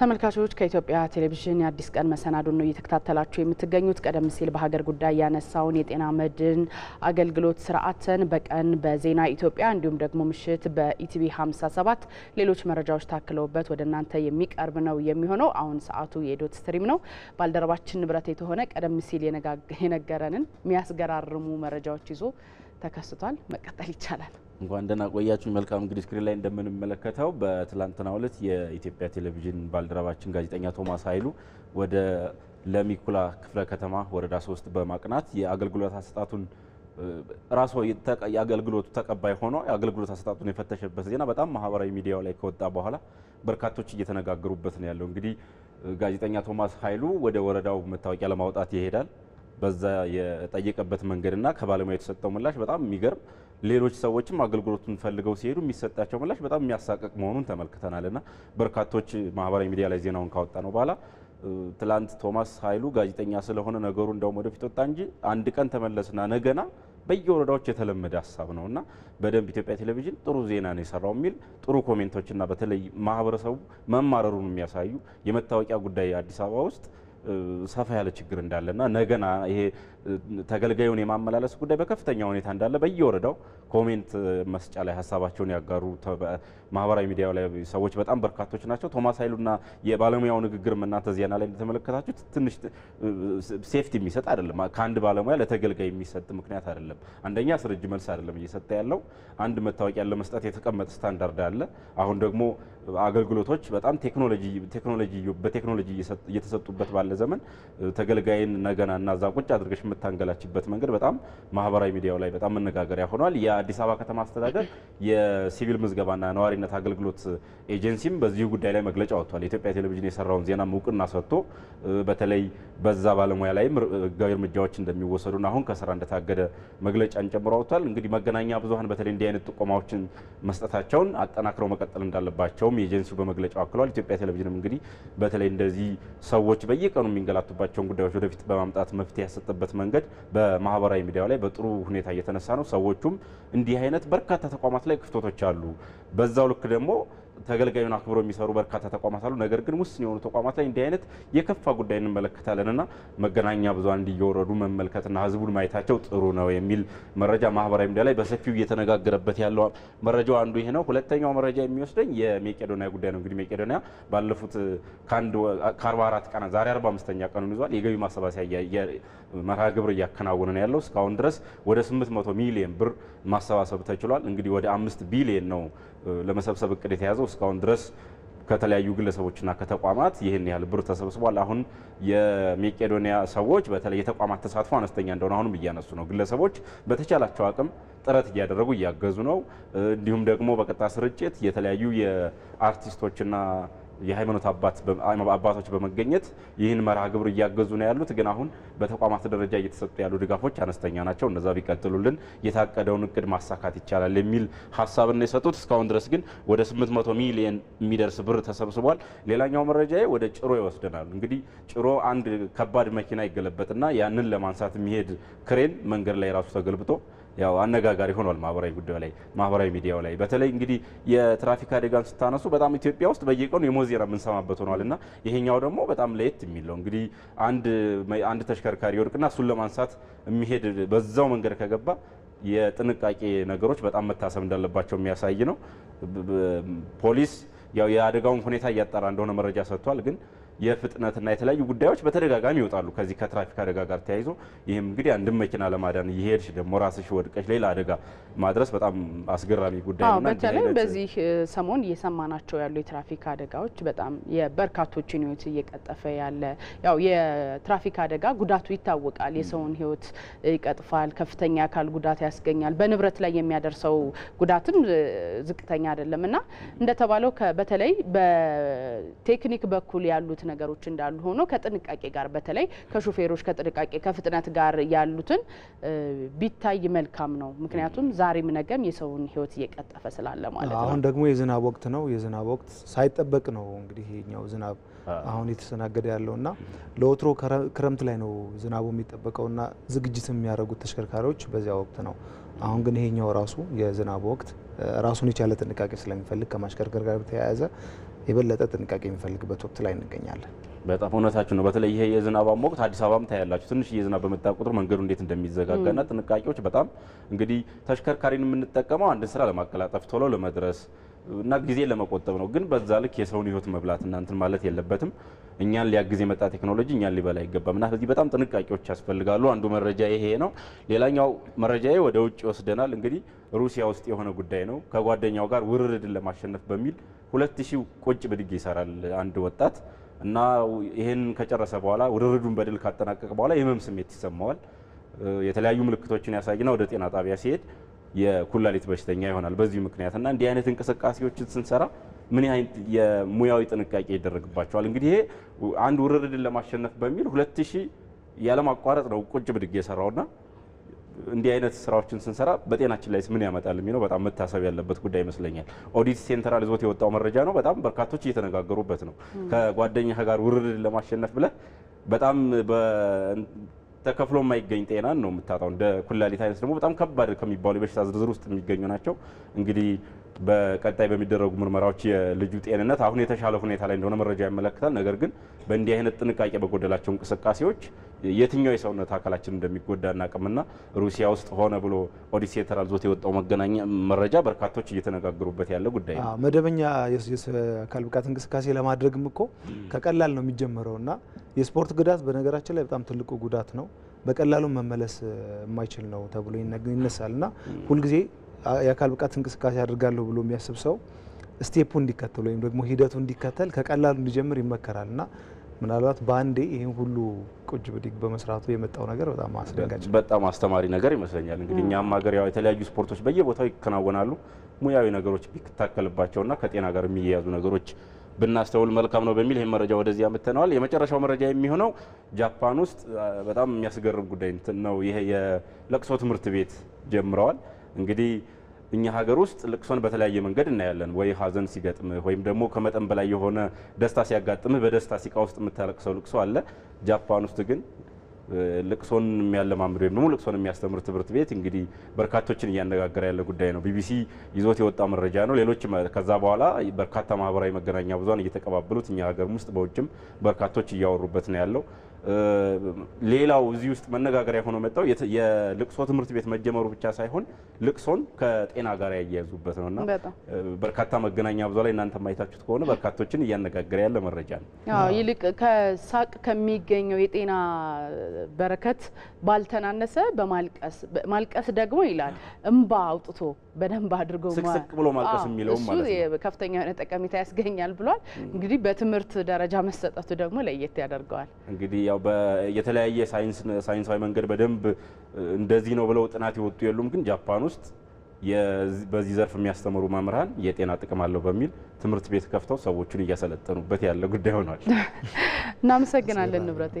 ተመልካቾች ከኢትዮጵያ ቴሌቪዥን የአዲስ ቀን መሰናዶን ነው እየተከታተላችሁ የምትገኙት። ቀደም ሲል በሀገር ጉዳይ ያነሳውን የጤና መድን አገልግሎት ስርዓትን በቀን በዜና ኢትዮጵያ እንዲሁም ደግሞ ምሽት በኢቲቪ 57 ሌሎች መረጃዎች ታክለውበት ወደ እናንተ የሚቀርብ ነው የሚሆነው። አሁን ሰዓቱ የዶት ስትሪም ነው። ባልደረባችን ንብረት የተሆነ ቀደም ሲል የነገረንን የሚያስገራርሙ መረጃዎች ይዞ ተከስቷል። መቀጠል ይቻላል። እንኳን ደህና ቆያችሁ። መልካም እንግዲህ ስክሪን ላይ እንደምንመለከተው በትላንትናው ዕለት የኢትዮጵያ ቴሌቪዥን ባልደረባችን ጋዜጠኛ ቶማስ ኃይሉ ወደ ለሚኩላ ክፍለ ከተማ ወረዳ ሶስት በማቅናት የአገልግሎት አሰጣጡን ራሱ የአገልግሎቱ ተቀባይ ሆኖ የአገልግሎት አሰጣጡን የፈተሸበት ዜና በጣም ማህበራዊ ሚዲያው ላይ ከወጣ በኋላ በርካቶች እየተነጋገሩበት ነው ያለው። እንግዲህ ጋዜጠኛ ቶማስ ኃይሉ ወደ ወረዳው መታወቂያ ለማውጣት ይሄዳል። በዛ የጠየቀበት መንገድና ከባለሙያ የተሰጠው ምላሽ በጣም የሚገርም ሌሎች ሰዎችም አገልግሎቱን ፈልገው ሲሄዱ የሚሰጣቸው ምላሽ በጣም የሚያሳቀቅ መሆኑን ተመልክተናል እና በርካቶች ማህበራዊ ሚዲያ ላይ ዜናውን ካወጣ ነው በኋላ ትላንት ቶማስ ኃይሉ ጋዜጠኛ ስለሆነ ነገሩ እንደውም ወደፊት ወጣ እንጂ አንድ ቀን ተመለስና ነገና በየወረዳዎች የተለመደ ሀሳብ ነው እና በደንብ ኢትዮጵያ ቴሌቪዥን ጥሩ ዜና ነው የሰራው የሚል ጥሩ ኮሜንቶችና በተለይ ማህበረሰቡ መማረሩን የሚያሳዩ የመታወቂያ ጉዳይ አዲስ አበባ ውስጥ ሰፋ ያለ ችግር እንዳለና ነገና ይሄ ተገልጋዩን የማመላለስ ጉዳይ በከፍተኛ ሁኔታ እንዳለ በየወረዳው ኮሜንት መስጫ ላይ ሀሳባቸውን ያጋሩ ማህበራዊ ሚዲያ ላይ ሰዎች በጣም በርካቶች ናቸው። ቶማስ ኃይሉና የባለሙያው ንግግር እናንተ ዜና ላይ እንደተመለከታችሁ ትንሽ ሴፍቲ የሚሰጥ አይደለም። ከአንድ ባለሙያ ለተገልጋይ የሚሰጥ ምክንያት አይደለም። አንደኛ ስርጅ መልስ አይደለም እየሰጠ ያለው። አንድ መታወቂያ ለመስጠት የተቀመጠ ስታንዳርድ አለ። አሁን ደግሞ አገልግሎቶች በጣም ቴክኖሎጂ ቴክኖሎጂ በቴክኖሎጂ እየተሰጡበት ባለ ዘመን ተገልጋይን ነገና እና እዛ ቁጭ አድርገሽ የምታንገላችበት መንገድ በጣም ማህበራዊ ሚዲያው ላይ በጣም መነጋገሪያ ሆኗል። የአዲስ አበባ ከተማ አስተዳደር የሲቪል ምዝገባና ነዋሪነት አገልግሎት ኤጀንሲም በዚሁ ጉዳይ ላይ መግለጫ ወጥቷል። የኢትዮጵያ ቴሌቪዥን የሰራውን ዜና እውቅና ሰጥቶ በተለይ በዛ ባለሙያ ላይም ሕጋዊ እርምጃዎች እንደሚወሰዱና አሁን ከስራ እንደታገደ መግለጫን ጨምሮ ወጥቷል። እንግዲህ መገናኛ ብዙኃን በተለይ እንዲህ አይነት ጥቆማዎችን መስጠታቸውን አጠናክረው መቀጠል እንዳለባቸውም መሆኑንም ኤጀንሲው በመግለጫው አክሏል። ኢትዮጵያ ቴሌቪዥንም እንግዲህ በተለይ እንደዚህ ሰዎች በየቀኑ የሚንገላቱባቸውን ጉዳዮች ወደፊት በማምጣት መፍትሄ ያሰጠበት መንገድ በማህበራዊ ሚዲያው ላይ በጥሩ ሁኔታ እየተነሳ ነው። ሰዎቹም እንዲህ አይነት በርካታ ተቋማት ላይ ክፍተቶች አሉ። በዛው ልክ ደግሞ ተገልጋዩን አክብሮ የሚሰሩ በርካታ ተቋማት አሉ። ነገር ግን ውስን የሆኑ ተቋማት ላይ እንዲህ አይነት የከፋ ጉዳይ እንመለከታለን እና መገናኛ ብዙሃን እንዲየወረዱ መመልከትና ህዝቡን ማየታቸው ጥሩ ነው የሚል መረጃ ማህበራዊ ሚዲያ ላይ በሰፊው እየተነጋገረበት ያለው መረጃው አንዱ ይሄ ነው። ሁለተኛው መረጃ የሚወስደኝ የሜቄዶኒያ ጉዳይ ነው። እንግዲህ ሜቄዶኒያ ባለፉት ከ44 ቀናት ዛሬ አርባ ኛ ቀኑን ይዟል። የገቢ ማሰባሰቢያ መርሃ ግብር እያከናወነ ነው ያለው። እስካሁን ድረስ ወደ 800 ሚሊየን ብር ማሰባሰብ ተችሏል። እንግዲህ ወደ አምስት ቢሊየን ነው ለመሰብሰብ እቅድ የተያዘው እስካሁን ድረስ ከተለያዩ ግለሰቦችና ከተቋማት ይህን ያህል ብር ተሰብስቧል። አሁን የመቄዶንያ ሰዎች በተለይ የተቋማት ተሳትፎ አነስተኛ እንደሆነ አሁንም እያነሱ ነው። ግለሰቦች በተቻላቸው አቅም ጥረት እያደረጉ እያገዙ ነው። እንዲሁም ደግሞ በቀጥታ ስርጭት የተለያዩ የአርቲስቶችና የሃይማኖት አባቶች በመገኘት ይህን መርሃ ግብር እያገዙ ነው ያሉት። ግን አሁን በተቋማት ደረጃ እየተሰጡ ያሉ ድጋፎች አነስተኛ ናቸው። እነዛ ቢቀጥሉልን የታቀደውን እቅድ ማሳካት ይቻላል የሚል ነው የሰጡት። እስካሁን ድረስ ግን ወደ 800 ሚሊየን የሚደርስ ብር ተሰብስቧል። ሌላኛው መረጃ ወደ ጭሮ ይወስደናል። እንግዲህ ጭሮ አንድ ከባድ መኪና ይገለበጥና ያንን ለማንሳት የሚሄድ ክሬን መንገድ ላይ ራሱ ተገልብጦ ያው አነጋጋሪ ሆኗል። ማህበራዊ ጉዳዩ ላይ ማህበራዊ ሚዲያው ላይ በተለይ እንግዲህ የትራፊክ አደጋን ስታነሱ በጣም ኢትዮጵያ ውስጥ በየቀኑ የሞት ዜና የምንሰማበት ሆኗል እና ይሄኛው ደግሞ በጣም ለየት የሚል ነው። እንግዲህ አንድ ተሽከርካሪ ወድቅና እሱን ለማንሳት የሚሄድ በዛው መንገድ ከገባ የጥንቃቄ ነገሮች በጣም መታሰብ እንዳለባቸው የሚያሳይ ነው። ፖሊስ ያው የአደጋውን ሁኔታ እያጠራ እንደሆነ መረጃ ሰጥቷል ግን የፍጥነትና የተለያዩ ጉዳዮች በተደጋጋሚ ይወጣሉ ከዚህ ከትራፊክ አደጋ ጋር ተያይዞ። ይህም እንግዲህ አንድን መኪና ለማዳን እየሄድሽ ደግሞ ራስሽ ወድቀሽ ሌላ አደጋ ማድረስ በጣም አስገራሚ ጉዳይ ነው። በተለይ በዚህ ሰሞን እየሰማናቸው ያሉ የትራፊክ አደጋዎች በጣም የበርካቶችን ሕይወት እየቀጠፈ ያለ ያው የትራፊክ አደጋ ጉዳቱ ይታወቃል። የሰውን ሕይወት ይቀጥፋል፣ ከፍተኛ አካል ጉዳት ያስገኛል። በንብረት ላይ የሚያደርሰው ጉዳትም ዝቅተኛ አይደለም እና እንደተባለው በተለይ በቴክኒክ በኩል ያሉት ነገሮች እንዳሉ ሆኖ ከጥንቃቄ ጋር በተለይ ከሹፌሮች ከጥንቃቄ ከፍጥነት ጋር ያሉትን ቢታይ መልካም ነው። ምክንያቱም ዛሬም ነገም የሰውን ህይወት እየቀጠፈ ስላለ ማለት ነው። አሁን ደግሞ የዝናብ ወቅት ነው። የዝናብ ወቅት ሳይጠበቅ ነው እንግዲህ ይሄኛው ዝናብ አሁን የተስተናገደ ያለውና ለወትሮ ክረምት ላይ ነው ዝናቡ የሚጠበቀውና ዝግጅት የሚያደርጉት ተሽከርካሪዎች በዚያ ወቅት ነው። አሁን ግን ይሄኛው ራሱ የዝናቡ ወቅት ራሱን የቻለ ጥንቃቄ ስለሚፈልግ ከማሽከርከር ጋር በተያያዘ የበለጠ ጥንቃቄ የሚፈልግበት ወቅት ላይ እንገኛለን። በጣም እውነታችሁ ነው። በተለይ ይሄ የዝናባም ወቅት አዲስ አበባም ታያላችሁ። ትንሽ የዝናብ በመጣ ቁጥር መንገዱ እንዴት እንደሚዘጋጋና ጥንቃቄዎች በጣም እንግዲህ ተሽከርካሪን የምንጠቀመው አንድን ስራ ለማቀላጠፍ ቶሎ ለመድረስ እና ጊዜ ለመቆጠብ ነው። ግን በዛ ልክ የሰውን ህይወት መብላት እናንትን ማለት የለበትም። እኛን ሊያግዝ የመጣ ቴክኖሎጂ እኛን ሊበላ አይገባም እና ስለዚህ በጣም ጥንቃቄዎች ያስፈልጋሉ። አንዱ መረጃ ይሄ ነው። ሌላኛው መረጃ ወደ ውጭ ይወስደናል። እንግዲህ ሩሲያ ውስጥ የሆነ ጉዳይ ነው። ከጓደኛው ጋር ውርርድን ለማሸነፍ በሚል ሁለት ሺህ ቁጭ ብድግ ይሰራል አንድ ወጣት እና ይሄን ከጨረሰ በኋላ ውድድሩን በድል ካጠናቀቀ በኋላ የህመም ስሜት ይሰማዋል። የተለያዩ ምልክቶችን ያሳይና ወደ ጤና ጣቢያ ሲሄድ የኩላሊት በሽተኛ ይሆናል በዚህ ምክንያት እና እንዲህ አይነት እንቅስቃሴዎችን ስንሰራ ምን ያህል የሙያዊ ጥንቃቄ ይደረግባቸዋል? እንግዲህ ይሄ አንድ ውርርድን ለማሸነፍ በሚል ሁለት ሺህ ያለማቋረጥ ነው ቁጭ ብድግ የሰራውና እንዲህ አይነት ስራዎችን ስንሰራ በጤናችን ላይ ምን ያመጣል የሚለው በጣም መታሰብ ያለበት ጉዳይ ይመስለኛል። ኦዲት ሴንትራል ይዞት የወጣው መረጃ ነው። በጣም በርካቶች እየተነጋገሩበት ነው። ከጓደኛ ጋር ውርድ ለማሸነፍ ብለህ በጣም ተከፍሎ የማይገኝ ጤናን ነው የምታጣው። እንደ ኩላሊት አይነት ደግሞ በጣም ከባድ ከሚባሉ የበሽታ ዝርዝር ውስጥ የሚገኙ ናቸው። እንግዲህ በቀጣይ በሚደረጉ ምርመራዎች የልጁ ጤንነት አሁን የተሻለ ሁኔታ ላይ እንደሆነ መረጃ ያመለክታል። ነገር ግን በእንዲህ አይነት ጥንቃቄ በጎደላቸው እንቅስቃሴዎች የትኛው የሰውነት አካላችን እንደሚጎዳ እናቅምና ሩሲያ ውስጥ ሆነ ብሎ ኦዲሴ ተራልዞት የወጣው መገናኛ መረጃ በርካቶች እየተነጋገሩበት ያለ ጉዳይ ነው። መደበኛ የአካል ብቃት እንቅስቃሴ ለማድረግም እኮ ከቀላል ነው የሚጀምረው እና የስፖርት ጉዳት በነገራችን ላይ በጣም ትልቁ ጉዳት ነው። በቀላሉ መመለስ የማይችል ነው ተብሎ ይነሳል እና ሁልጊዜ የአካል ብቃት እንቅስቃሴ አድርጋለሁ ብሎ የሚያስብ ሰው ስቴፑ እንዲከተል ወይም ደግሞ ሂደቱ እንዲከተል ከቀላሉ እንዲጀምር ይመከራል እና ምናልባት በአንዴ ይህን ሁሉ ቁጭ ብድግ በመስራቱ የመጣው ነገር በጣም አስደንጋጭ በጣም አስተማሪ ነገር ይመስለኛል። እንግዲህ እኛም ሀገር ያው የተለያዩ ስፖርቶች በየቦታው ይከናወናሉ። ሙያዊ ነገሮች ቢታከልባቸውና ከጤና ጋር የሚያያዙ ነገሮች ብናስተውል መልካም ነው በሚል ይህን መረጃ ወደዚህ አምጥተነዋል። የመጨረሻው መረጃ የሚሆነው ጃፓን ውስጥ በጣም የሚያስገርም ጉዳይ ነው። ይሄ የለቅሶ ትምህርት ቤት ጀምረዋል እንግዲህ እኛ ሀገር ውስጥ ልቅሶን በተለያየ መንገድ እናያለን። ወይ ሀዘን ሲገጥምህ ወይም ደግሞ ከመጠን በላይ የሆነ ደስታ ሲያጋጥምህ በደስታ ሲቃ ውስጥ የምታለቅሰው ልቅሶ አለ። ጃፓን ውስጥ ግን ልቅሶን የሚያለማምድ ወይም ደግሞ ልቅሶን የሚያስተምር ትምህርት ቤት እንግዲህ በርካቶችን እያነጋገረ ያለ ጉዳይ ነው። ቢቢሲ ይዞት የወጣ መረጃ ነው። ሌሎች ከዛ በኋላ በርካታ ማህበራዊ መገናኛ ብዙሃን እየተቀባበሉት እኛ ሀገርም ውስጥ በውጭም በርካቶች እያወሩበት ነው ያለው። ሌላው እዚህ ውስጥ መነጋገሪያ ሆኖ መጣው የልቅሶ ትምህርት ቤት መጀመሩ ብቻ ሳይሆን ልቅሶን ከጤና ጋር ያያይዙበት ነውና በርካታ መገናኛ ብዙ ላይ እናንተ ማየታችሁት ከሆነ በርካቶችን እያነጋገረ ያለ መረጃ ነው። አዎ ይልቅ ከሳቅ ከሚገኘው የጤና በረከት ባልተናነሰ በማልቀስ ማልቀስ ደግሞ ይላል እንባ አውጥቶ በደንብ አድርጎ ስቅስቅ ብሎ ማልቀስ የሚለው ማለት ነው ከፍተኛ የሆነ ጠቀሜታ ያስገኛል ብሏል። እንግዲህ በትምህርት ደረጃ መሰጠቱ ደግሞ ለየት ያደርገዋል እንግዲህ ያው የተለያየ ሳይንሳዊ መንገድ በደንብ እንደዚህ ነው ብለው ጥናት የወጡ የሉም። ግን ጃፓን ውስጥ በዚህ ዘርፍ የሚያስተምሩ መምህራን የጤና ጥቅም አለው በሚል ትምህርት ቤት ከፍተው ሰዎቹን እያሰለጠኑበት ያለ ጉዳይ ሆኗል። እናመሰግናለን ንብረቴ።